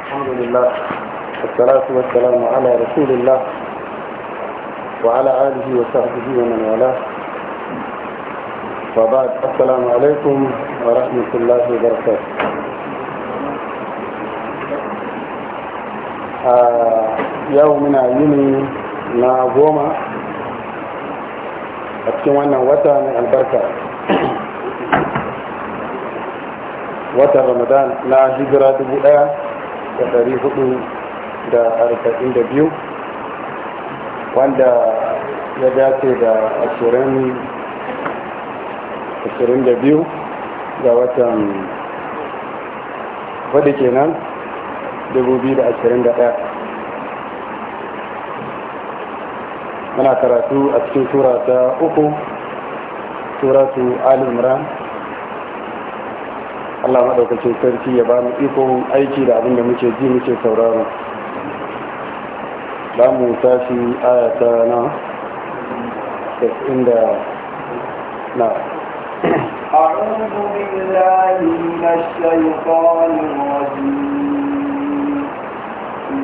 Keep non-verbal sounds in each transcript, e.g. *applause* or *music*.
الحمد لله والصلاة والسلام على رسول الله وعلى آله وصحبه ومن والاه وبعد السلام عليكم ورحمة الله وبركاته آه، يومنا يومي na goma a cikin wannan watan ramadan na hijira dubu ɗaya da dari hudu da arba'in da biyu wanda ya dace da ashirin ashirin da biyu ga watan wadda kenan dubu biyu da ashirin da ɗaya muna karatu a cikin tura ta uku turatu al Allah maɗaukacin sarki ya ba mu ikon aiki da abin da muke ji muke sauraro za mu tashi aya ta na inda na أعوذ بالله من الشيطان الرجيم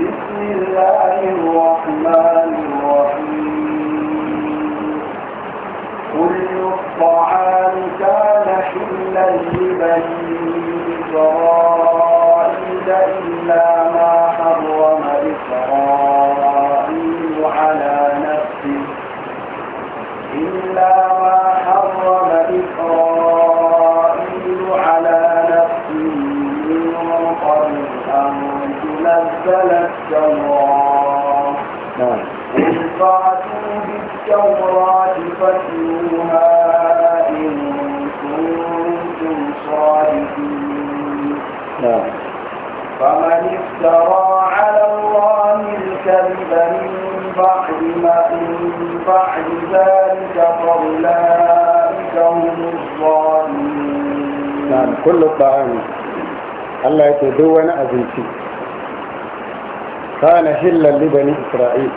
بسم الله الرحمن الرحيم كل الطعام كان حلا لبني إسرائيل إلا ما حرم إسرائيل فمن افترى على الله الكذب من بعد ما من بعد ذلك فأولئك هم الظالمون نعم كل الطعام الله يتدون أبنتي كان هلا لبني إسرائيل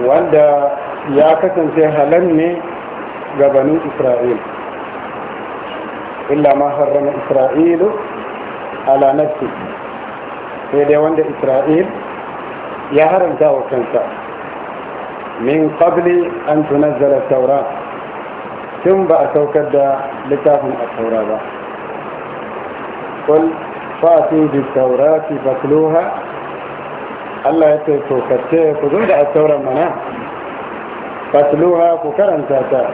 wanda ya kasance halan ne ga banu isra'ila إلا ما حرم إسرائيل على نفسه سيدي وند إسرائيل يا هرم داو كنسا من قبل أن تنزل التوراة ثم بأسوكد لتاهم التوراة قل فاتوا بالتوراة فاتلوها الله يتوكد دع التوراة منا فاتلوها تاتا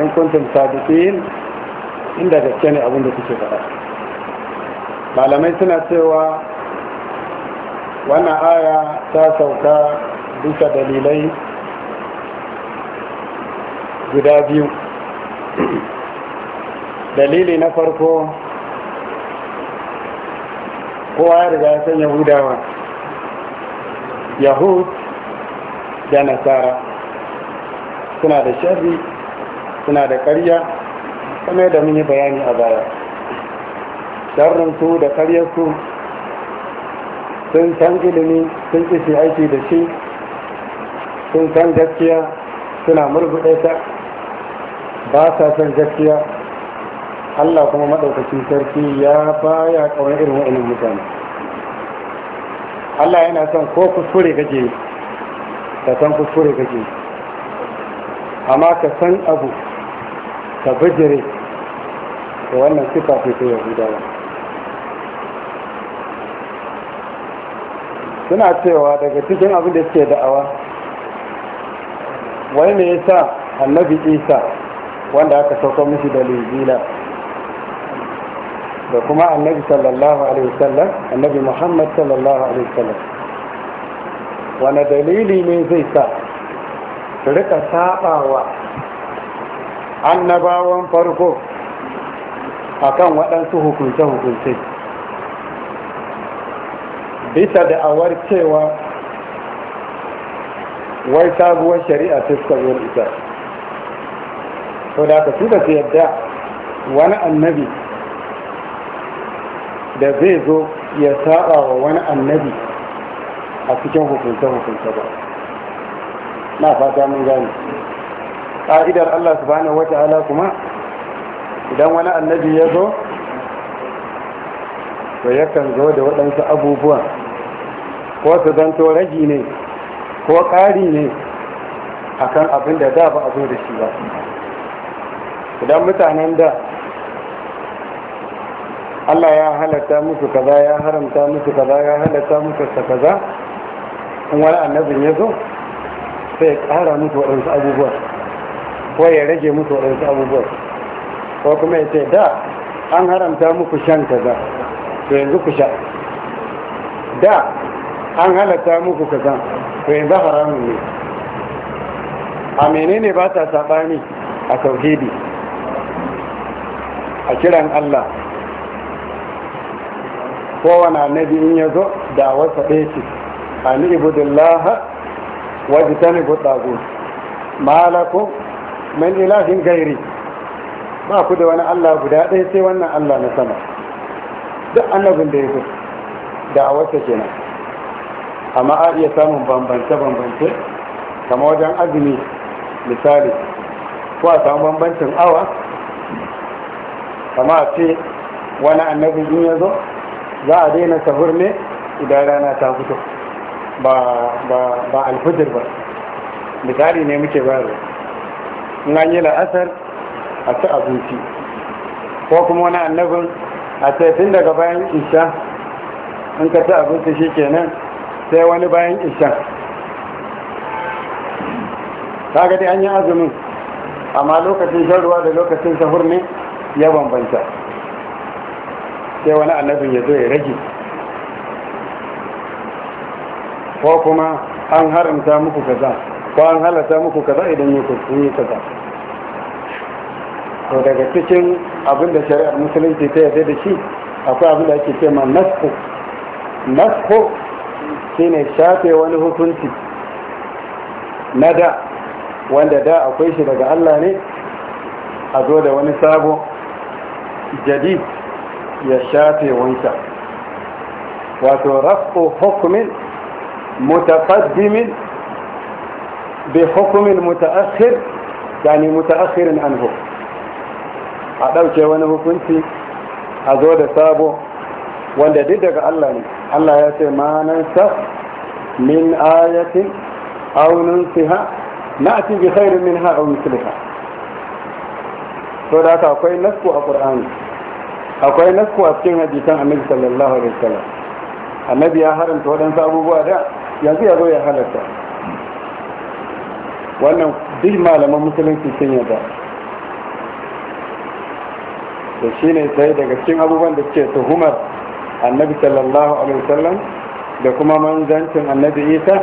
إن كنتم صادقين inda gaske ne abin da suke faɗa malamai suna cewa wannan aya ta sauka bisa dalilai guda biyu dalili na farko kowa ya riga ya san yahudawa yahud da nasara suna da shari suna da ƙarya kamar da mun yi bayani a baya sharrin su da karyar su sun san ilimi sun ƙi aiki da shi sun san gaskiya suna murbuɗe ta ba sa san gaskiya Allah kuma maɗaukacin sarki ya baya ƙaunar irin wa'inin mutane Allah yana son ko kuskure kake ka san kuskure kake amma ka san abu ka bijire da wannan sifa ce ta yahudawa suna cewa daga cikin abin da suke da'awa wai me yasa annabi isa wanda aka sauka mishi da lizila da kuma annabi sallallahu alaihi wasallam annabi muhammad sallallahu alaihi wasallam wani dalili ne zai sa su rika sabawa annabawan farko a kan waɗansu hukunce-hukunce bisa da awar cewa wai sabuwar shari'a suka wani isa sau da aka su da yadda wani annabi da zai zo ya saba wa wani annabi a cikin hukunce-hukunce ba na fata mun gani ƙa'idar Allah subhanahu wata'ala kuma idan wani annabi ya zo to yakan zo da waɗansu abubuwa ko su zanto ragi ne ko ƙari ne a kan abin da za ba a zo da shi ba idan mutanen da Allah ya halatta musu kaza ya haramta musu kaza ya halatta musu kaza in wani annabin ya zo sai ya ƙara musu waɗansu abubuwa ko ya rage musu waɗansu abubuwan ko kuma ya ce da an haramta muku shan kaza to yanzu ku sha da an halatta muku kaza to yanzu haramun ne a menene ba ta saɓani a tauhidi a kiran Allah kowane annabi in ya zo da wasa ɗaya ce ani ibudullaha wajen ta ne ma lakum min ilahin gairi ba ku da wani Allah guda ɗaya sai wannan Allah na sama duk annabin da ya zo da'awarsa kenan amma a samun bambance-bambance kama wajen azumi misali ko a samu bambancin awa kama a ce wani annabi in ya zo za a daina sahur ne idan rana ta fito ba alfijir ba misali ne muke bayarwa in yi la'asar a ci abinci ko kuma wani annabin a taifin daga bayan isha in ka ci abinci shi kenan sai wani bayan isha ta dai an yi azumin amma lokacin shan ruwa da lokacin sahur ne ya bambanta sai wani annabin ya zo ya rage ko kuma an haramta muku kaza ko an halatta muku kaza idan yi kaza to daga cikin abin da shari'ar musulunci ta yarda da shi akwai abin da ake ce ma nasku nasku shine shafe wani hukunci na da wanda da akwai shi daga Allah ne a zo da wani sabo jadi ya shafe wanka wato rafu hukumin mutaqaddimin بحكم المتأخر يعني متأخر عنه a ɗauke wani hukunci a zo da sabo wanda duk daga Allah ne Allah ya ce ma nan min ayatin siha na ha to da haka akwai nasku a qur'ani akwai nasku a cikin hadisan annabi sallallahu alaihi wasallam annabi ya haramta waɗansu abubuwa da yanzu ya zo ya halarta wannan duk malaman musulunci sun yadda da shi ne sai daga cikin abubuwan da ke tuhumar annabi sallallahu alaihi wasallam da kuma manzancin annabi isa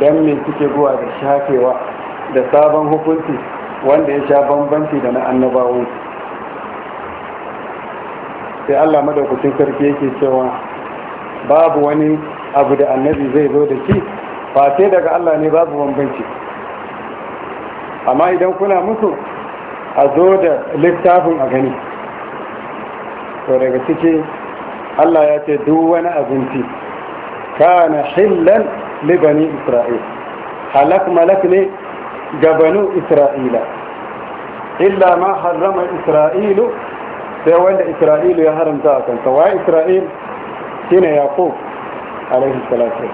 don me suke zuwa da shafewa da sabon hukunci wanda ya sha bambanci da na annabawun sai allah madaukakin sarki yake cewa babu wani abu da annabi zai zo da shi ba sai daga allah ne babu bambanci amma idan kuna musu a zo da littafin a gani to daga ciki Allah ya ce duk wani abinci kana hillan libani isra'il halak malak ne ga banu isra'ila illa ma harrama isra'ilu sai wanda isra'ilu ya haramta a kanta wa isra'il shine yaqub alaihi salatu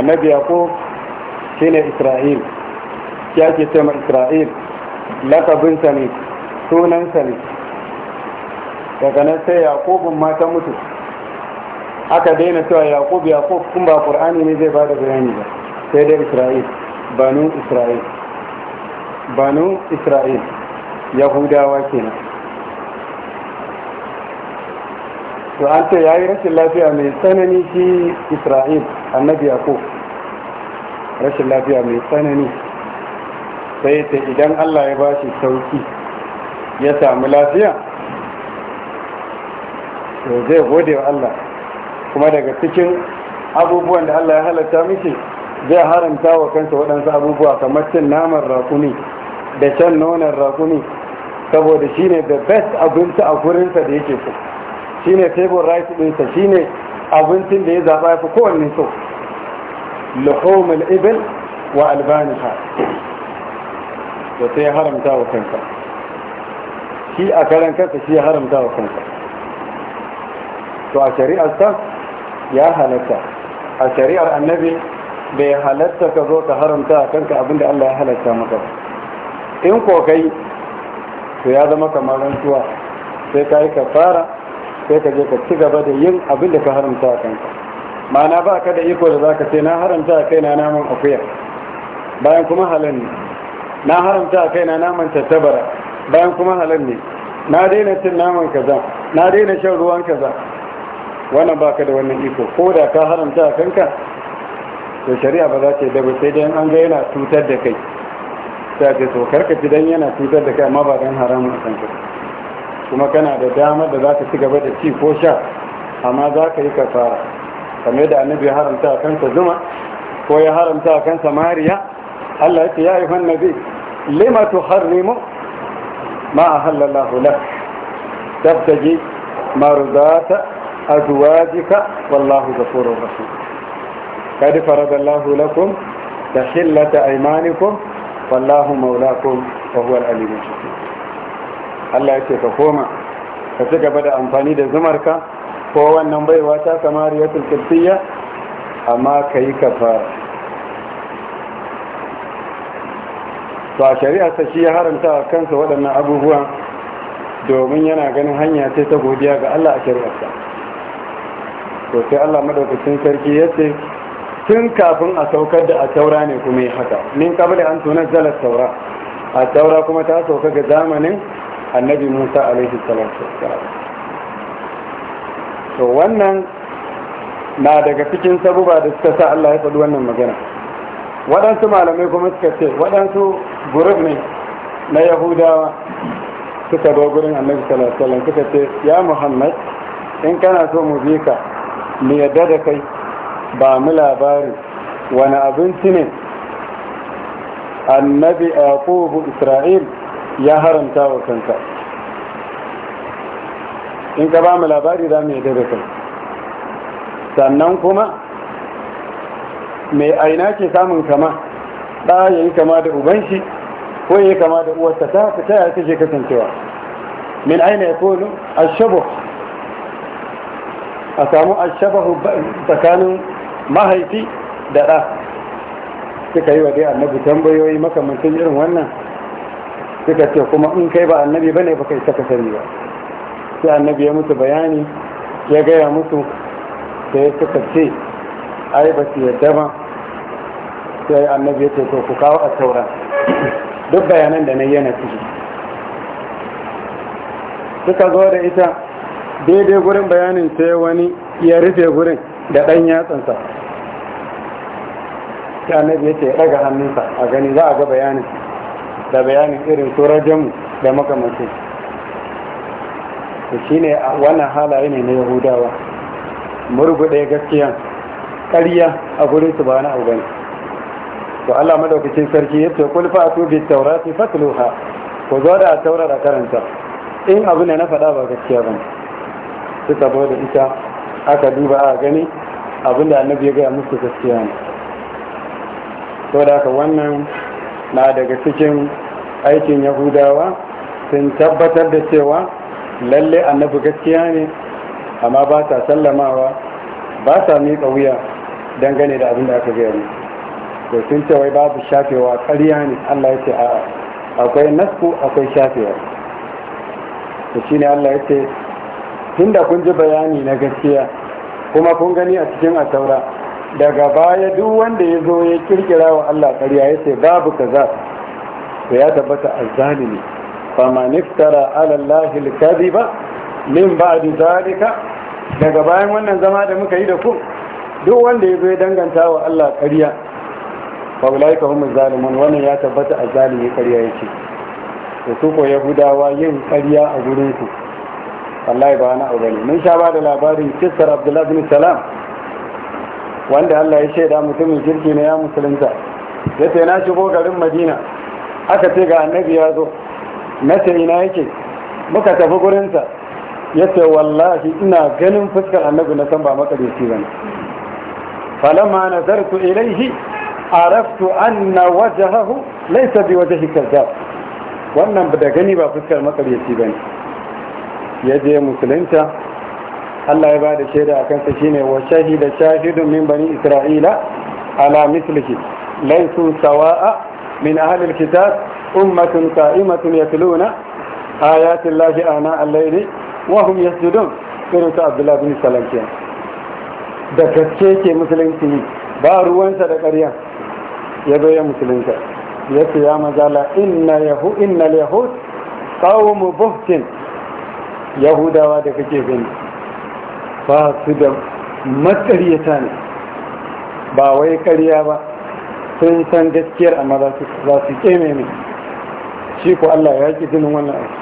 annabi yaqub shine isra'il ya ke ce ma isra'il lakabinsa ne sunansa ne daga nan sai yakubun ma ta mutu aka daina cewa yakub yakub kun ba qur'ani ne zai bada bayani ba sai dai isra'il banu isra'il banu isra'il yahudawa kenan to an ce yayi rashin lafiya mai tsanani shi isra'il annabi yakub rashin lafiya mai tsanani sai ta idan Allah ya bashi sauki ya samu lafiya to zai gode wa Allah kuma daga cikin abubuwan da Allah ya halatta miki zai haramta wa kansa waɗansu abubuwa kamar cin naman rakuni da can nonon rakumi saboda shine the best abinci a gurinsa da yake so shine table rice ɗinsa shine abincin da ya zaɓa ya fi kowanne so luhumul ibil wa albanisa to sai ya haramta wa kanka shi a karan kansa shi ya haramta wa kanka to a shari'ar ta ya halatta a shari'ar annabi bai halatta ka zo ka haramta wa kanka abinda Allah ya halatta maka in ko kai to ya zama kamar rantsuwa sai ka yi fara sai ka je ka ci gaba da yin abinda ka haramta wa kanka ma'ana ba ka da iko da za ka ce na haramta kai na naman akuya bayan kuma halin ne na haramta a kaina naman tattabara bayan kuma halal ne na daina cin naman kaza na daina shan ruwan kaza wannan ba ka da wannan iko ko da ka haramta a kanka to shari'a ba za ta yadda ba sai dai an ga yana tutar da kai ta ce to karka ci dan yana tutar da kai amma ba dan haramun a kanka kuma kana da damar da za ka ci gaba da ci ko sha amma za ka yi kafara kamar da annabi haramta a kansa zuma ko ya haramta a kansa mariya Allah ya ce ya yi nabi lima tuharrimu ma ahallallahu lak tabtaji marudata azwajika wallahu ghafurur rahim kad faradallahu lakum tahillata aymanikum wallahu maulakum wa huwa al-alimul Allah yake ka koma ka ci gaba da amfani da zumarka ko wannan baiwa ta kamar yatul kirtiya amma kai kafara to a ta shi ya haramta kansa waɗannan abubuwan domin yana ganin hanya sai ta godiya ga Allah a shari'arsa to sai Allah madaukakin sarki ya ce tun kafin a saukar da a taura ne kuma ya haka min kabila an tona zalar taura a taura kuma ta sauka ga zamanin annabi musa alaihi salatu to wannan na daga cikin sabuba da suka sa Allah ya faɗi wannan magana waɗansu malamai kuma suka ce waɗansu gurub ne na yahudawa suka zo gurin annabi sallallahu alaihi suka ce ya muhammad in kana so mu bi ka mu yadda da kai ba mu labari wani abinci ne annabi aqubu isra'il ya haramta wa kanka in ka ba mu labari za mu yadda da kai sannan kuma mai aina ke samun kama ɗa ya yi kama da uban shi ko ya yi kama da uwarsa ta haka ta yaya take kasancewa min aina ya kone ashabu a samu ashabahu tsakanin mahaifi da ɗa suka yi wa dai annabi tambayoyi makamantan irin wannan suka ce kuma in kai ba annabi bane ba kai saka sani ba sai annabi ya mutu bayani ya gaya mutu sai suka ce ai ba su yadda ba sai annabi ya ce to ku kawo a taura duk bayanan da na yana ciki suka zo da ita daidai gurin bayanin sai wani ya rufe gurin da ɗan yatsansa sai annabi ya ce ɗaga hannunsa a gani za a ga bayanin da bayanin irin turar jamu da makamashi to shi ne wannan halaye ne na yahudawa murguɗe gaskiya karya a gurin su ba na abu to Allah madaukakin sarki ya ce kulfa a bit tawrati fatluha ko zo da taurar a karanta in abu ne na faɗa ba gaskiya ba su zo da ita aka duba a gani abin da annabi ya gaya musu gaskiya ne to da haka wannan na daga cikin aikin yahudawa sun tabbatar da cewa lalle annabi gaskiya ne amma ba sa sallamawa ba sa miƙa wuya dangane da abin da aka gaya musu da sun ce wai babu shafewa ƙarya ne Allah ya ce a akwai nasku akwai shafewa shi ne Allah ya ce tun da kun ji bayani na gaskiya kuma kun gani a cikin asaura daga baya duk wanda ya zo ya kirkira wa Allah ƙarya ya ce babu za to ya tabbata ba ma niftara ala Allah ba min ba'di zalika daga bayan wannan zama da muka yi da ku duk wanda ya zo ya danganta wa Allah ƙarya fa ulaika humuz zalimun wannan ya tabbata a zalimi ƙarya yake da su ko yahudawa yin karya a gurinku su wallahi ba wani abu ne mun sha ba da labarin kissar abdullahi bin salam wanda Allah ya shaida mutumin jirgi na ya musulunta ya ce na shigo garin madina aka ce ga annabi ya zo na ce ina yake muka tafi gurinsa ya ce wallahi ina ganin fuskar annabi na san ba makarisi ba ne falamma nazartu ilaihi araftu anna wajhahu laysa biwajhi kazzab wannan da gani ba fuskar makaryaci ne. ya je musulunta Allah ya bada shaida akan sa shine wa shahida shahidun min bani isra'ila ala mislihi laysu sawa'a min ahli alkitab ummatun qa'imatun yatluna ayati llahi ana al-layli wa hum yasjudun sura Abdullahi bin salam da gaske ke musulunci ba ruwansa da ƙarya ya zo ya musulunta ya ce ya mazala inna yahu inna yahud qawmu buhtin yahudawa da kake gani ba su da matsaryata ne ba wai ƙarya ba sun san gaskiyar amma za su keme ne shi ko Allah ya ki jinin wannan aiki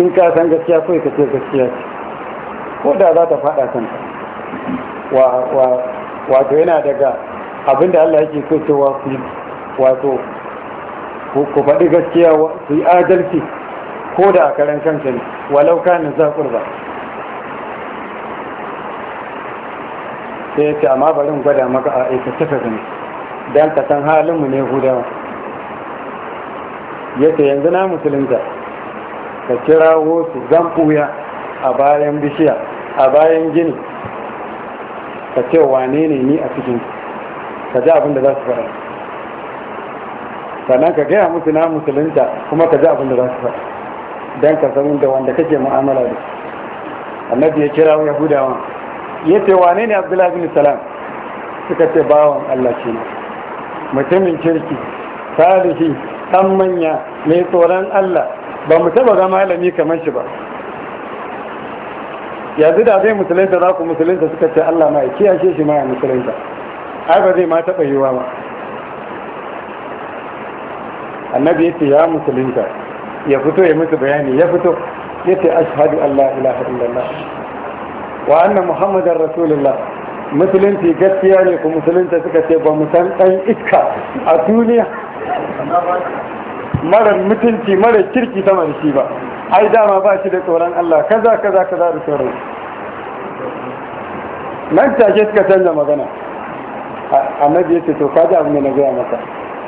in ka san gaskiya kawai ka ce gaskiya ce ko da za ta faɗa kanta wato yana daga abinda Allah yake so cewa su wato ku faɗi gaskiya su yi adalci ko da a karan kanta ne walau kanin za ba sai ya ce amma barin gwada maka a aikace ka gani don ka san halinmu ne hudawa ya ce yanzu na musulunta ka kirawo wasu zan ɓuya a bayan bishiya a bayan gini ka ce wane ne ni a cikin ka ji abin da za su faɗa sannan ka gaya musu na musulunta kuma ka ji abin da za su faɗa don ka san da wanda kake mu'amala da annabi ya kira wa yahudawa ya ce wane ne abdullahi bin salam suka ce bawan allah ce mutumin kirki salihi dan manya mai tsoron allah ba mu taba ga malami kamar shi ba yanzu da zai musulunta za ku musulunta suka ce Allah ma ya ce shi ma ya musulunta ai ba zai ma taɓa yiwa ba annabi yace ya musulunta ya fito ya musu bayani ya fito yace ashhadu an la ilaha illallah wa annan muhammadar rasulullah musulunci gaskiya ne ku musulunta suka ce ba mu san dan iska a duniya mara mutunci mara kirki sama da shi ba ai dama ba shi da tsoron Allah kaza kaza kaza da tsoron nan take suka canza magana annabi yace to kaji abin da na gaya maka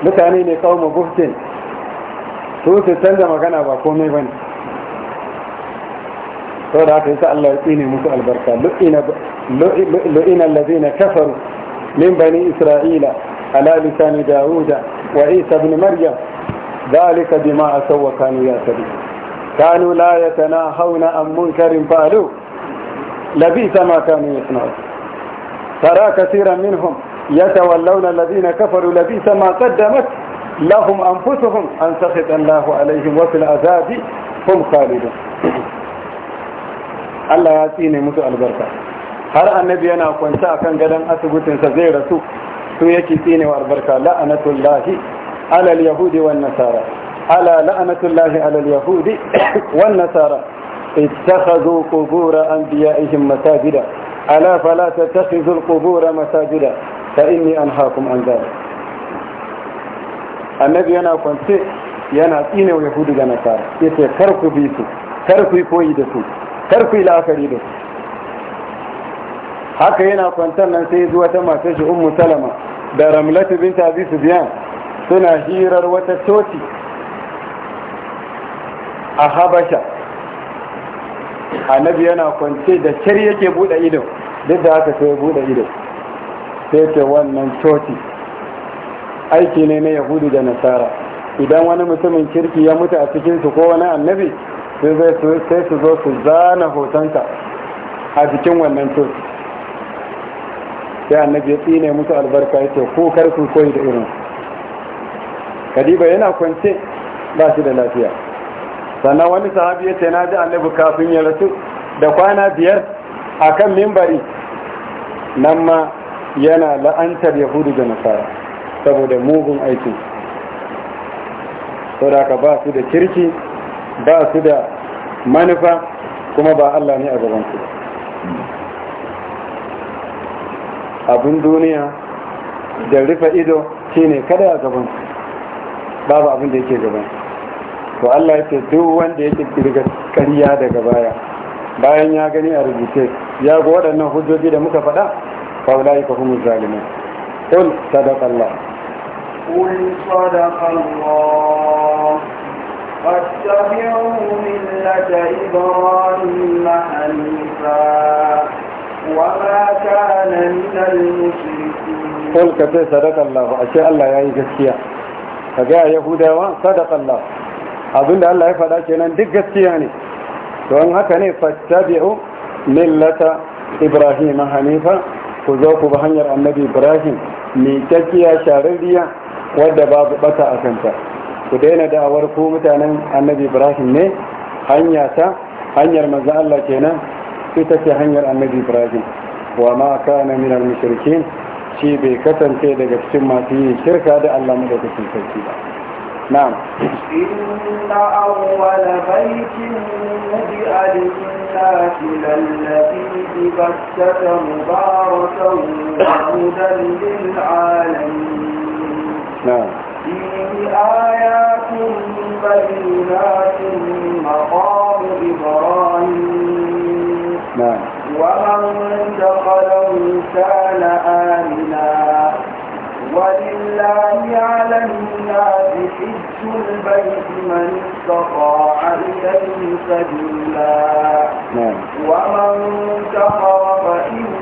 mutane ne kawo maguftin to su canza magana ba komai bane to da haka yasa Allah ya tsine musu albarka lu'ina lu'ina allazina kafaru min bani isra'ila ala lisani dauda wa isa ibn maryam ذلك بما أسوى كانوا يعتدون كانوا لا يتناهون عن منكر فعلوه لبئس ما كانوا يصنعون ترى كثيرا منهم يتولون الذين كفروا لبئس ما قدمت لهم أنفسهم أن سخط الله عليهم وفي العذاب هم خالدون Allah ya tsine musu albarka har annabi yana kwance akan gadon asibitinsa zai rasu su yake tsinewa albarka la'anatullahi alal yahudi wan nasara ala la'anatullahi ala al-yahudi wan nasara اتخذوا قبور أنبيائهم مساجدا ألا فلا تتخذوا القبور مساجدا فإني أنهاكم عن ذلك annabi yana kwance yana tsine wa yahudu nasara ya ce kar ku bi su kar ku da su kar la'akari da su haka yana kwantar nan sai zuwa ta masu shi ummu da ramlatu binta su sufyan suna hirar wata coci a habasha annabi yana kwance da kyar yake buɗe ido duk da haka sai buɗe ido sai ce wannan coci aiki ne na yahudu da nasara idan wani mutumin kirki ya mutu a cikinsu ko wani annabi sai su zo su zana hotonka a cikin wannan coci sai annabi ya tsine musu albarka ya ce ko kar su koyi da irin kadiba yana kwance ba shi da lafiya sannan wani sahabi ya ce na ji annabi kafin ya rasu da kwana biyar a kan mimbari nan ma yana la'antar yahudu da nasara saboda mugun aikin da ka ba su da kirki ba su da manufa kuma ba Allah ne a gabansu abin duniya da rufe ido shine kada a gabansu babu abin da yake gabansu to Allah ya ce duk wanda ya kirkiri ƙarya daga baya bayan ya gani a rubuce ya ga waɗannan hujjoji da muka faɗa faulai ka humu zalimin qul sadaqallah qul sadaqallah fattabi'u millata ibrahim hanifa wa ma kana min al mushrikin qul ka ce sadaqallah ashe Allah yayi gaskiya kaga yahudawa sadaqallah abinda Allah ya faɗa kenan duk gaskiya ne don haka ne fattabi'u millata ibrahim hanifa ku zo ku ba hanyar annabi ibrahim ni takiya shararriya wadda babu bata a kanta ku daina da'awar ku mutanen annabi ibrahim ne hanya ta hanyar manzo Allah kenan ita ce hanyar annabi ibrahim wa ma kana min al mushrikeen shi bai kasance daga cikin masu yin shirka da Allah madaukakin sarki ba نعم إن أول بيت مدئ للناس للذي ببكة مباركا وهدى للعالمين نعم فيه آيات بينات مقام إبراهيم نعم ومن دخله كان آمنا ولله على الناس حج البيت من استطاع إليه سبيلا ومن كفر فإن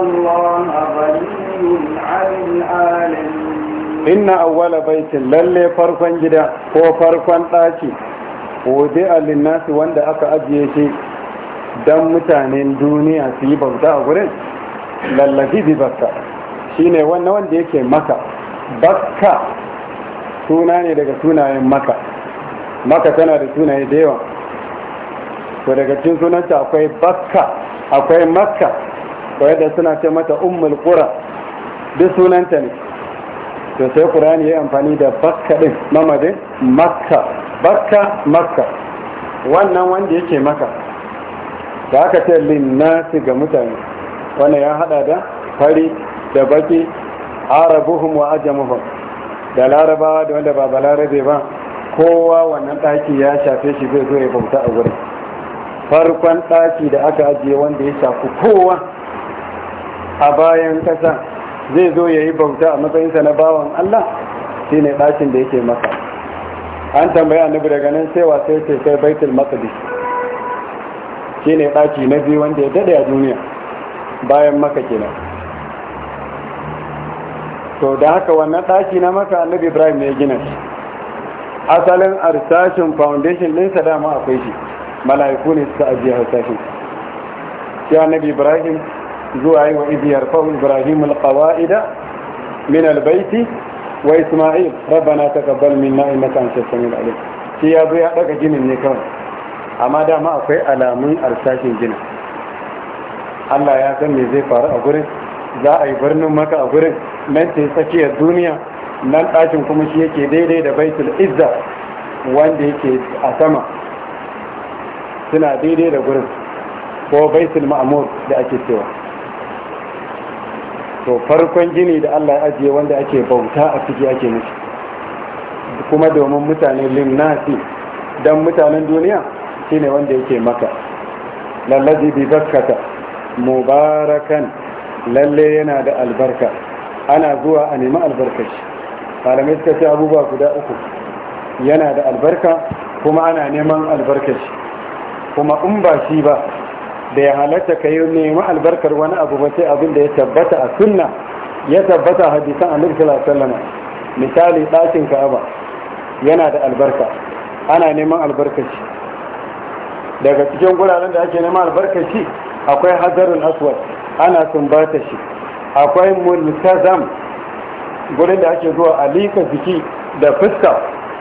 الله غني عن العالمين inna awwala baitin lalle farkon gida ko farkon ɗaki wude alinnasi wanda aka ajiye shi don mutanen duniya su yi bauta a gurin lallafi bakka shine wannan wanda yake maka bakka suna ne daga sunayen maka maka tana da sunaye da yawa to daga cikin sunanta akwai bakka akwai makka kawai da suna ce mata ummul kura duk sunanta ne to sai qur'ani ya amfani da baka din mamadin maka baka makka wannan wanda yake maka da aka ce linnasi ga mutane wannan ya hada da fari da baki arabuhum wa ajamuhum da larabawa da wanda ba balarabe ba kowa wannan ɗaki ya shafe shi zai zo ya bauta a wurin farkon ɗaki da aka ajiye wanda ya shafi kowa a bayan kasa zai zo ya yi bauta a matsayinsa na bawan Allah shi ne ɗakin da yake masa an tambaya annabi daga nan sai wa sai ce sai baitul maqdis shine daki na biyu wanda ya dade a duniya bayan maka kenan to da haka wannan ɗaki na maka annabi ibrahim ne ya gina shi asalin arsashin foundation ɗinsa dama akwai shi mala'iku ne suka ajiye harsashin sai annabi ibrahim zuwa yi wa ibiyar fa ibrahim alqawaida min albaiti wa isma'il rabbana taqabbal minna innaka antas samiul alim shi ya zo ya daga ginin ne kawai amma dama akwai alamun arsashin gina. Allah ya san me zai faru a gurin za a yi birnin maka a gurin nan tsakiyar duniya nan ɗakin kuma shi yake daidai da baitul izza wanda yake a sama suna daidai da gurin ko baitul ma'amur da ake cewa to farkon gini da Allah ya ajiye wanda ake bauta a ciki ake nufi kuma domin mutane limnasi don mutanen duniya shine wanda yake maka lallazi bi bakkata mubarakan lalle yana da albarka ana zuwa a nemi albarkaci malamai suka ce abubuwa guda uku yana da albarka kuma ana neman albarkaci kuma in ba shi ba da ya halatta ka yi nemi albarkar wani abu ba sai abin da ya tabbata a sunna ya tabbata hadisan a sallallahu alaihi misali ɗakin ka'aba yana da albarka ana neman albarkaci daga cikin guraren da ake neman albarkaci akwai hazarin aswad ana sun sumbata shi akwai multazam gurin da ake zuwa a lika jiki da fuska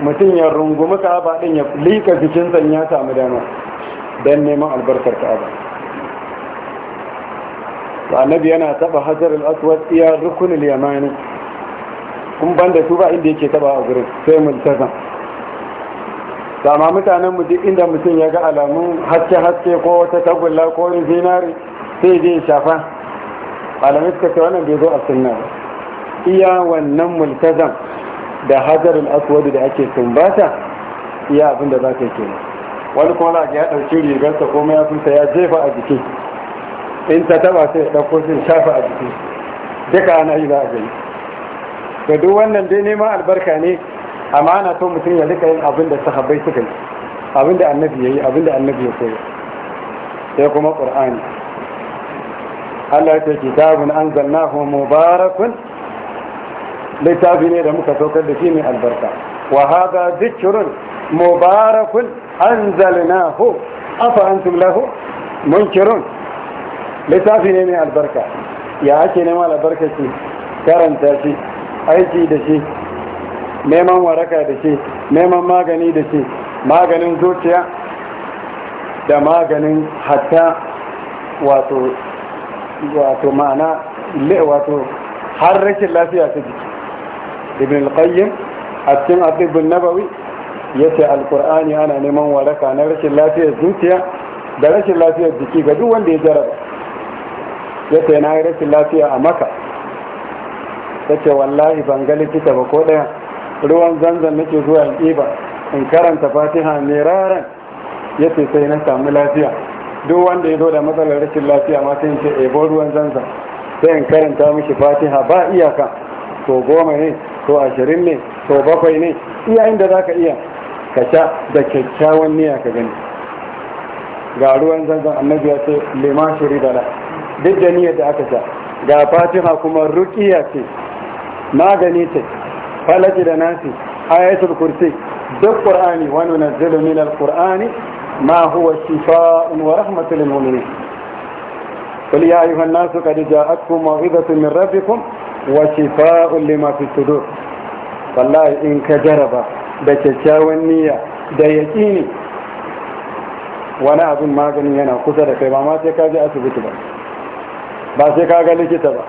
mutum ya rungumi ka'aba ɗin ya lika zan ya samu dama don neman albarkar ka'aba annabi yana taba hajjar al iya rukunin yamani kun ban da su ba inda yake taba a gurin sai multazam sama mutanen mutum inda mutum ya ga alamun haske-haske ko wata tagulla ko zinari sai zai shafa malamai suka ce wannan bai zo a sunna ba iya wannan multazam da hajarul aswadu da ake tumbata iya abin da za ka ke wani kuma za ya ɗauki rigarsa ko mayafinsa ya jefa a jiki in ta taba sai ɗauko sai shafa a jiki duka ana yi za a gani da duk wannan dai neman albarka ne amma ana so mutum ya rika yin abin da sahabbai suka yi abin da annabi ya yi abin da annabi ya koya sai kuma ƙur'ani Allah ta kitabun an zannahu mubarakun littafi ne da muka saukar da shi mai albarka wa hada zikirun mubarakun an zalinahu afa antum lahu munkirun littafi ne mai albarka ya ake neman albarka ce karanta shi aiki da shi neman waraka da shi neman magani da shi maganin zuciya da maganin hatta wato wato ma'ana wato har rashin lafiya ta jiki ibn al-qayyim a cikin adibin nabawi ya ce alkur'ani ana neman waraka na rashin lafiyar zuciya da rashin lafiyar jiki ga duk wanda ya jaraba ya ce na rashin lafiya a maka yace ce wallahi ban ga likita ba ko ɗaya ruwan zanzan nake zuwa in ɗiba in karanta fatiha mai raran ya ce sai na samu lafiya duk wanda ya zo da matsalar rashin lafiya ma sai ce ebo ruwan zanzan sai in karanta mishi fatiha ba iyaka to goma ne to ashirin ne to bakwai ne iya inda za ka iya ka sha da kyakkyawan niyya ka gani ga ruwan zanzan annabi ya ce lima shiri da duk da niyyar da aka sha ga fatiha kuma rukiya ce magani ce falaki da nasi ayatul kursi duk qur'ani wa nunazzilu minal qurani ما هو شفاء ورحمة للمؤمنين قل يا أيها الناس قد جاءتكم موعظة من ربكم وشفاء لما في الصدور والله إن كجرب بكتشاوى النية da yaƙini wani abin magani yana kusa da kai ba sai ka je asibiti ba ba sai ka ga likita ba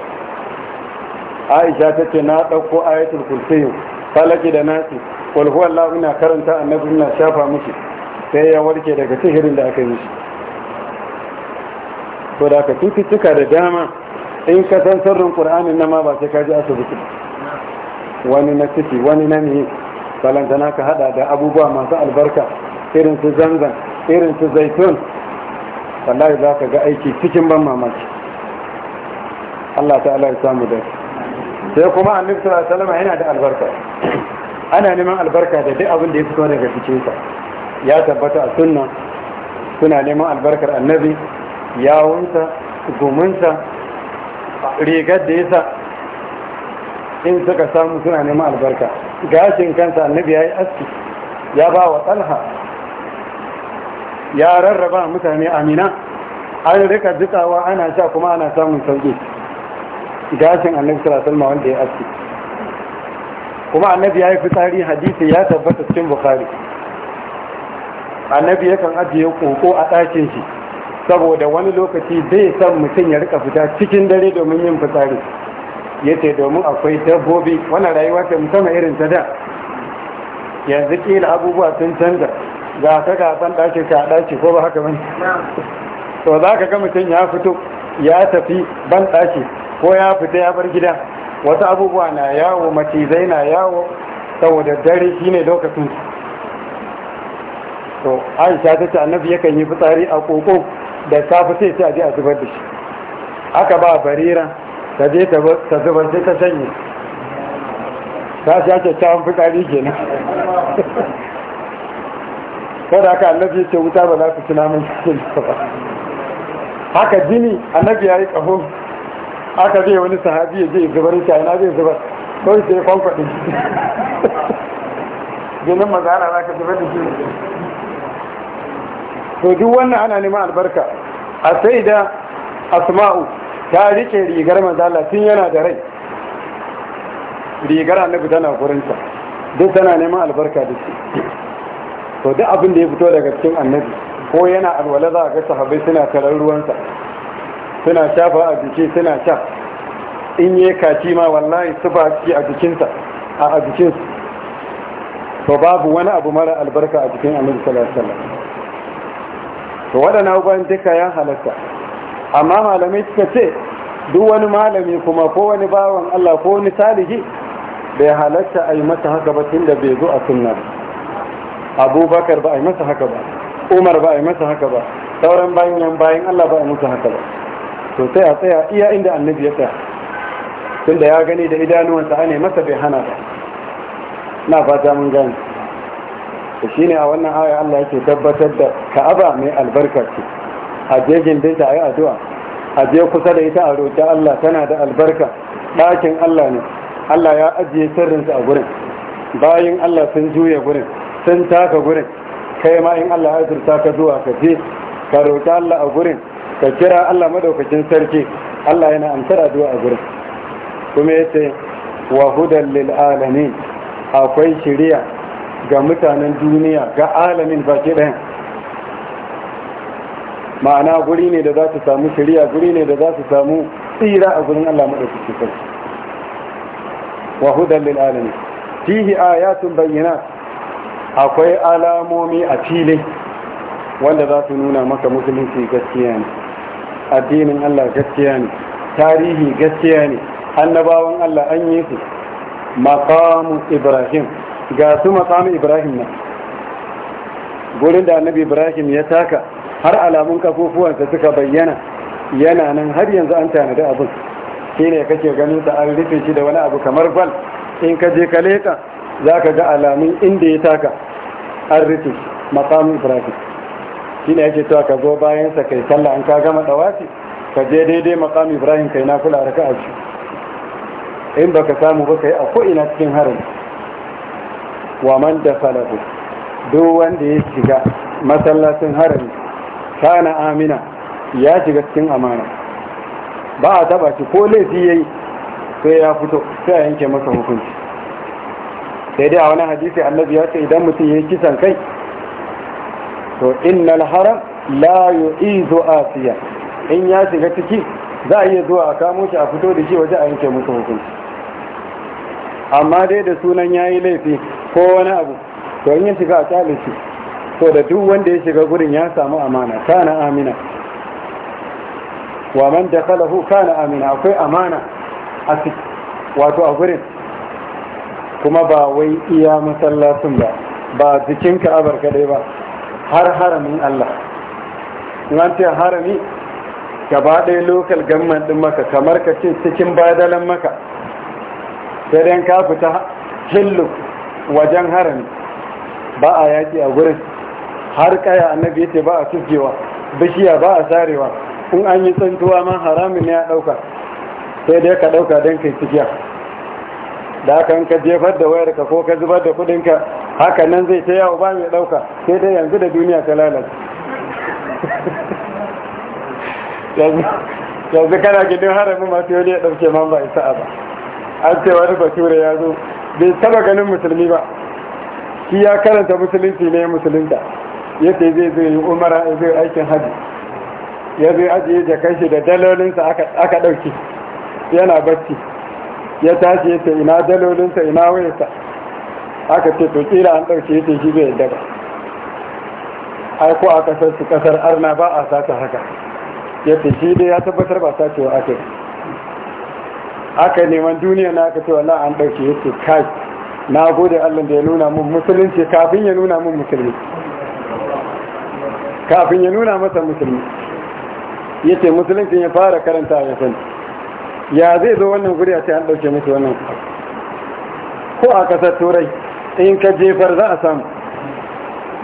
aisha ta ce na ɗauko ayatul kursiyu falaki da nasi walhuwallahu ina karanta annabi na shafa miki sai ya warke daga sihirin da aka yi shi ko da ka cututtuka da dama in ka san sirrin ƙur'ani na ma ba sai ka je asibiti wani na ciki wani na ne balantana ka hada da abubuwa masu albarka irin su zanzan irin su zaitun wallahi za ka ga aiki cikin ban mamaki Allah ta'ala ya samu da sai kuma annabi sallallahu alaihi wasallam yana da albarka ana neman albarka da duk abin da ya fito daga cikin sa ya tabbata a sunna suna neman albarkar annabi yawunsa gominsa rigar da yasa in suka samu suna neman albarka gashin kansa annabi ya yi aski ya ba wa talha ya rarraba mutane amina an rika jikawa ana sha kuma ana samun sauki gashin annabi sallallahu wanda ya aski kuma annabi ya yi fitsari hadisi ya tabbata cikin bukari annabi yakan ajiye koko a ɗakin shi saboda wani lokaci zai san mutum ya rika fita cikin dare domin yin fitsari ya ce domin akwai dabbobi wani rayuwa ta musamman irin ta da yanzu kila abubuwa sun canza ga ka ga ban ka ɗaki ko ba haka ne? to za ka ga mutum ya fito ya tafi ban ɗaki ko ya fita ya bar gida wasu abubuwa na yawo macizai na yawo saboda dare shine lokacin to aisha ta ce annabi yakan yi fitsari a koko da safe sai ta je a zubar da shi aka ba barira ta je ta zubar sai ta shanye ta sha kyakkyawan fitsari nan kada *laughs* aka annabi ya ce wuta ba za su ci namun cikin ba haka jini annabi ya yi kafo aka zai wani sahabi ya je zubar shi yana zai zubar kawai sai kwankwaɗin ginin *laughs* mazara za ka zubar da shi to duk wannan ana neman albarka a sai da asma'u ta rike rigar manzala tun yana da rai rigar annabi tana gurinta duk tana neman albarka da su to duk abin da ya fito daga cikin annabi ko yana alwala za a ga sahabbai suna tarar ruwansa suna shafa a jiki suna sha in yi kaci ma wallahi su ba ci a jikinsa a jikinsu to babu wani abu mara albarka a jikin annabi sallallahu alaihi wasallam to waɗannan abubuwan duka ya halatta amma malamai suka ce duk wani malami kuma ko wani bawan Allah ko wani salihi bai halatta a yi masa haka ba tun da bai zo a sunna abubakar ba a yi masa haka ba umar ba a yi masa haka ba sauran bayan nan bayan Allah ba a yi masa haka ba to sai a tsaya iya inda annabi ya tsaya tun da ya gani da idanuwansa ana masa bai hana ba na fata mun gani shi shine a wannan aya Allah yake tabbatar da Ka'aba mai albarka ce a je gindinta yi addu'a a je kusa da ita a roƙi Allah tana da albarka ɗakin Allah ne Allah ya ajiye sirrinsa a gurin bayin Allah sun juya gurin sun taka gurin kai ma in Allah ya zurta ka zuwa ka je ka roƙi Allah a gurin ka kira Allah madaukakin sarki Allah yana amsar addu'a a gurin kuma yace wa hudan lil alamin akwai shiriya ga mutanen duniya ga alamin baki ɗaya ma'ana guri ne da za su samu shari'a guri ne da za su samu tsira a gurin Allah maɗaukaki sarki wa lil alamin fihi ayatun bayyana akwai alamomi a fili wanda za su nuna maka musulunci gaskiya ne addinin Allah gaskiya ne tarihi gaskiya ne annabawan Allah an yi su maqamu ibrahim ga su makamu ibrahim nan gurin da annabi ibrahim ya taka har alamun kafofuwansa suka bayyana yana nan har yanzu an tanadi abin shi ne kake ganin da an rufe shi da wani abu kamar bal in ka je ka leka za ka ga alamun inda ya taka an rufe makamu ibrahim shi ne yake cewa ka zo bayansa kai sallah an ka gama dawaci ka je daidai makamu ibrahim kai na kula raka'a shi in baka samu ba ka yi a ko'ina cikin harin wa man duk wanda ya shiga masallacin harami kana amina ya shiga cikin amana ba a taba shi ko laifi yayi sai ya fito sai a yanke masa hukunci sai dai a wani hadisi annabi ya ce idan mutum yayi kisan kai to innal haram la yu'izu asiya in ya shiga ciki za a iya zuwa a kamo shi a fito da shi waje a yanke masa hukunci amma dai da sunan ya yi laifi ko wani abu to in ya shiga a kyale shi to da duk wanda ya shiga gurin ya samu amana kana amina wa man dakhalahu kana amina akwai amana a wato a gurin kuma ba wai iya masallacin ba ba jikinka abarka dai ba har haramin Allah in an ce harami gaba ɗaya lokal gamman din maka kamar ka ce cikin badalan maka sai dai ka fita hillu wajen harin ba a yaki a gurin har kaya annabi yace ba a tsugewa bishiya ba a sarewa in an yi tsantuwa ma haramin ne a dauka sai dai ka dauka don kai tafiya da aka ka jefar da wayarka ko ka zubar da kudinka haka nan zai ta yawo ba mai dauka sai dai yanzu da duniya ta lalata *laughs* yanzu kana gidan haramin masu yau da ya dauke man ba isa ba an ce wani bature ya zo bai taba ganin musulmi ba shi ya karanta musulunci ne musulunta ya ce zai zai yi umara ya zai aikin hajji ya zai ajiye jakan shi da dalolinsa aka ɗauki yana bacci ya tashi ya ce ina dalolinsa ina wayarsa aka ce to tsira an ɗauki ya ce shi zai yadda ba aiko ko a kasar su kasar arna ba a sata haka ya ce shi dai ya tabbatar ba sacewa ake aka neman duniya na aka cewa wallahi an ya ce kai na gode Allah da ya nuna mun musulunci kafin ya nuna mun musulmi kafin ya nuna masa musulmi ce musulunci ya fara karanta ya sani ya zai zo wannan guri a ce an ɗauke miki wannan ko a kasar turai in ka jefar za a samu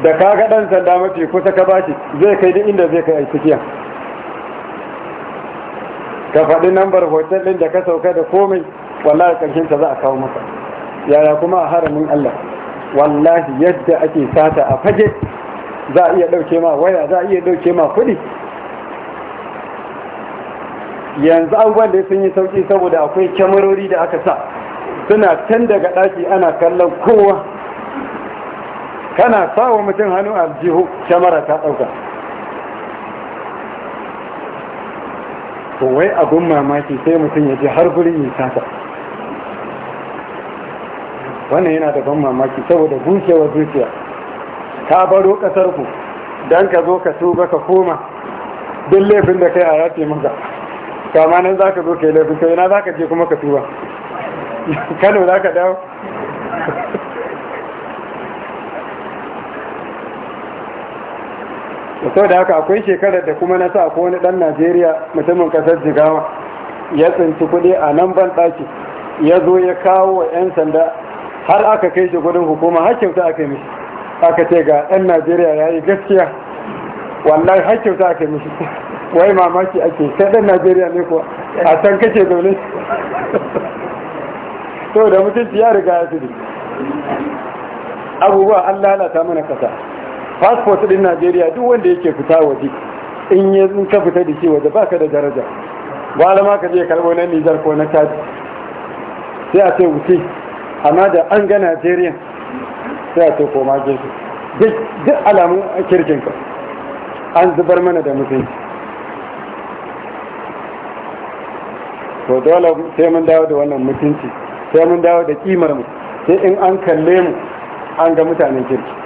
da ka ga dan sanda mafi kusa ka bashi zai kai duk inda zai kai a cikin ka faɗi nambar hotel ɗin da ka sauka da komai wallahi ƙarshen ta za a kawo maka yaya kuma a haramin Allah wallahi yadda ake sata a fage za a iya ɗauke ma waya za a iya ɗauke ma kuɗi yanzu abubuwan da sun yi sauƙi saboda akwai kyamarori da aka sa suna can daga ɗaki ana kallon kowa kana sawa mutum hannu a jihu kyamara ta ɗauka to wai abin mamaki sai mutum ya ji har gurin yi sata wannan yana da ban mamaki saboda bushewar zuciya ka baro kasar ku dan ka zo ka tuba ka koma duk laifin da kai a yafe maka kama nan za ka zo ka yi laifin kai na za ka je kuma ka tuba kano za ka dawo sau da haka akwai shekarar da kuma na sa ko wani dan najeriya mutumin kasar jigawa ya tsinci kuɗi a nan ban daki ya zo ya kawo wa 'yan sanda har aka kai shi gudun hukuma har kyauta aka yi mishi aka ce ga ɗan najeriya ya yi gaskiya wallahi har kyauta aka yi mishi wai mamaki ake sai ɗan najeriya ne kuwa a san kake zaune to da mutunci ya riga ya abubuwa an lalata mana kasa passport din Najeriya duk wanda yake fita waje in ya in ka fita da shi waje baka da daraja wala ma ka je karbo na nijar ko na Chad sai a ce wuce amma da an ga Najeriya sai a ce koma gefe duk duk alamun kirkin ka an zubar mana da mutum to dole sai mun dawo da wannan mutunci sai mun dawo da kimar mu sai in an kalle mu an ga mutanen kirki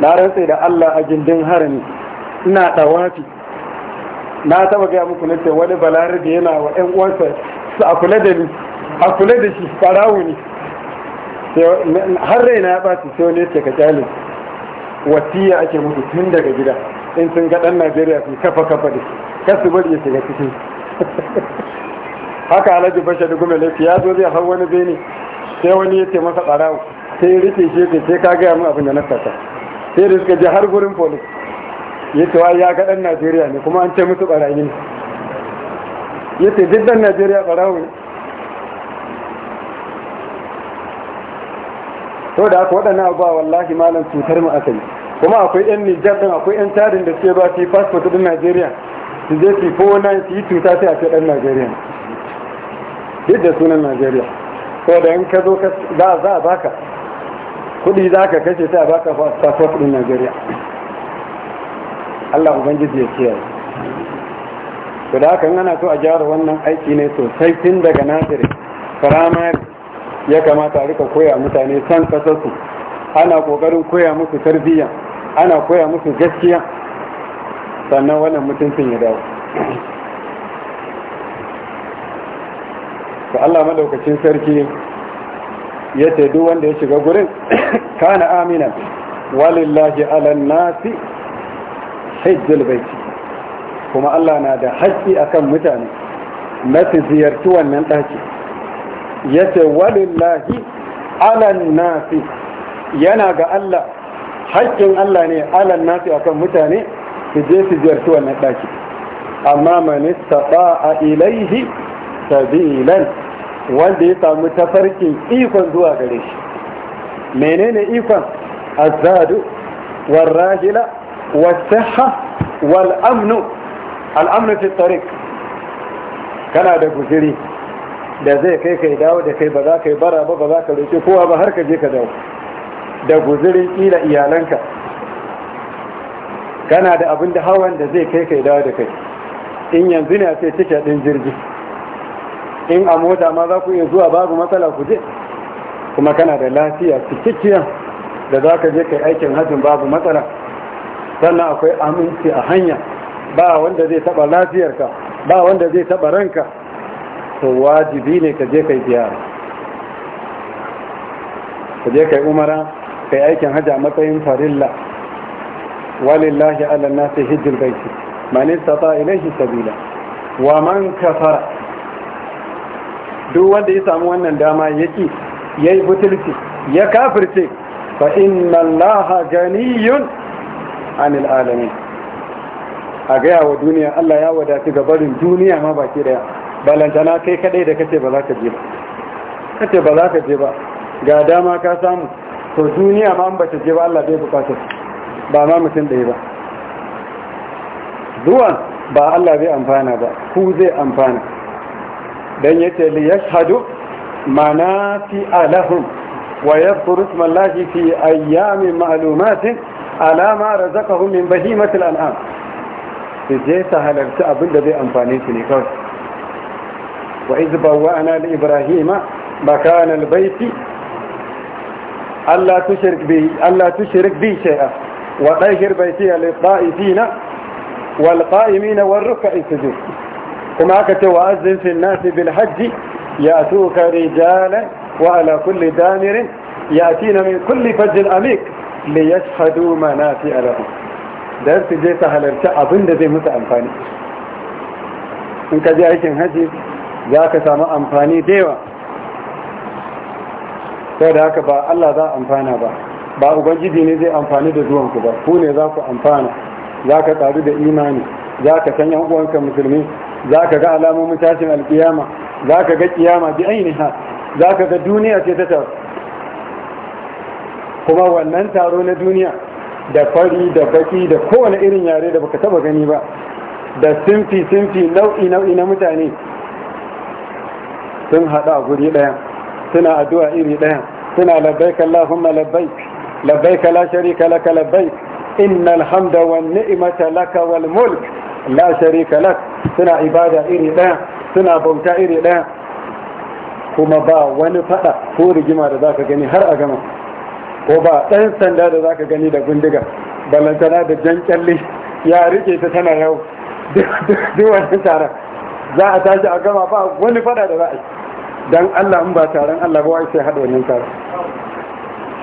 na rantse da Allah a gindin harami ina dawafi na taba gaya muku na ce wani da yana wa ƴan uwansa su a kula da ni a kula da shi farawo ne har raina ya ɓaci sai wani ce ka kyale wasiya ake musu tun daga gida in sun ga ɗan najeriya sun kafa kafa da kar su bari ya shiga cikin *laughs* haka alhaji da gume laifi ya zo zai hau wani bene sai wani ya ce masa ɓarawo sai ya rufe shi ce sai ka gaya min abin da na saka sai da suka je har gurin polis ya ce wa ya ga najeriya ne kuma an ce musu ɓarayi ne ya ce duk ɗan najeriya ɓarawun ne to da aka waɗannan abuwa wallahi malam cutar mu aka yi kuma akwai 'yan nijar ɗin akwai 'yan tarin da suke ba su yi fasfot ɗin najeriya su je su ko na su yi cuta sai a ce ɗan najeriya duk da sunan najeriya to da in ka zo za a baka kudi za ka kashe sai a baka fasfot ɗin Najeriya Allah Ubangiji ya kiyaye to da hakan ana so a gyara wannan aiki ne sosai tun daga nasiri firamare ya kamata a rika koya mutane san kasarsu ana kokarin koya musu tarbiyya ana koya musu gaskiya sannan wannan mutuncin ya dawo Ka Allah madaukakin sarki ya ce duk wanda ya shiga gurin *coughs* kana aminan walillahi ala nasi hajjul baiti kuma Allah na da haƙƙi akan mutane na su ziyarci wannan ɗaki ya ce walillahi ala nasi yana ga Allah haƙƙin Allah ne ala nasi akan mutane su je su ziyarci wannan ɗaki amma man a ilaihi sabilan wanda ya samu tafarkin ikon zuwa gare shi menene ikon azadu wal wasiha wal'amnu, sihha wal al fi kana da guziri da zai kai kai dawo da kai ba za ka yi bara ba ba za ka roƙi kowa ba har ka je ka dawo da guzirin ila iyalanka kana da abin da hawan da zai kai kai dawo da kai in yanzu ne a sai tiket ɗin jirgi in a mota ma za ku iya zuwa babu matsala ku je kuma kana da lafiya cikakkiya da za ka je kai aikin hajjin babu matsala sannan akwai aminci a hanya ba wanda zai taba lafiyarka ba wanda zai taba ranka to wajibi ne ka je kai ziyara ka je kai umara kai aikin hajji a matsayin farilla walillahi ala nasi hijjul baiti man istata shi sabila wa man kafara duk wanda ya samu wannan dama ya ya yi butulci ya kafirce fa inna allaha ganiyun anil alami a gaya wa duniya Allah ya wadatu ga barin duniya ma baki daya balantana kai kadai da kace ba za ka je ba kace ba za ka je ba ga dama ka samu to duniya ma ba ta je ba Allah bai bukata ba ma mutum ɗaya ba zuwan ba Allah bai amfana ba ku zai amfana dan yace li yashhadu manati alahum wa yadhkuru isma allahi fi ayyamin ma'lumatin ala ma razaqahum min bahimatil an'am su je su abin da zai amfane shi ne kawai wa iz bawwa'na li ibrahima makana albayti alla tushrik bi alla tushrik bi shay'a wa tahir baytiya lil qa'ifina wal qa'imina war ruk'i sujud kuma aka ce wa azin fi nasi bil hajji ya tuka rijalan wa ala kulli damirin yatina min kulli fajjin amik li yashhadu manafi'a lahum dan su je su halarci abin da zai musu amfani in ka je aikin haji za ka samu amfani da yawa sai da haka ba Allah za amfana ba ba ubangiji ne zai amfani da zuwanku ba ku ne za ku amfana za ka tsadu da imani za ka san yan uwanka musulmi za ka ga alamomin tashin alkiyama za ka ga kiyama bi ainiha za ka ga duniya ce ta taru kuma wannan taro na duniya da fari da baki da kowane irin yare da baka taba gani ba da simfi simfi nau'i nau'i na mutane sun haɗu a guri ɗaya suna addu'a iri ɗaya suna kuma Allahumma labbaik kala shari'a, kala-kala, labbaik innal hamda wan laka wal mulk la sharika lak suna ibada iri daya suna bauta iri daya kuma ba wani fada ko rigima da zaka gani har a gama ko ba ɗan sanda da zaka gani da bindiga balantana da jan kyalle ya rike ta tana yau duk wani taron za a tashi a gama ba wani fada da za a yi don allah in ba taron allah ba wa sai haɗa wannan taron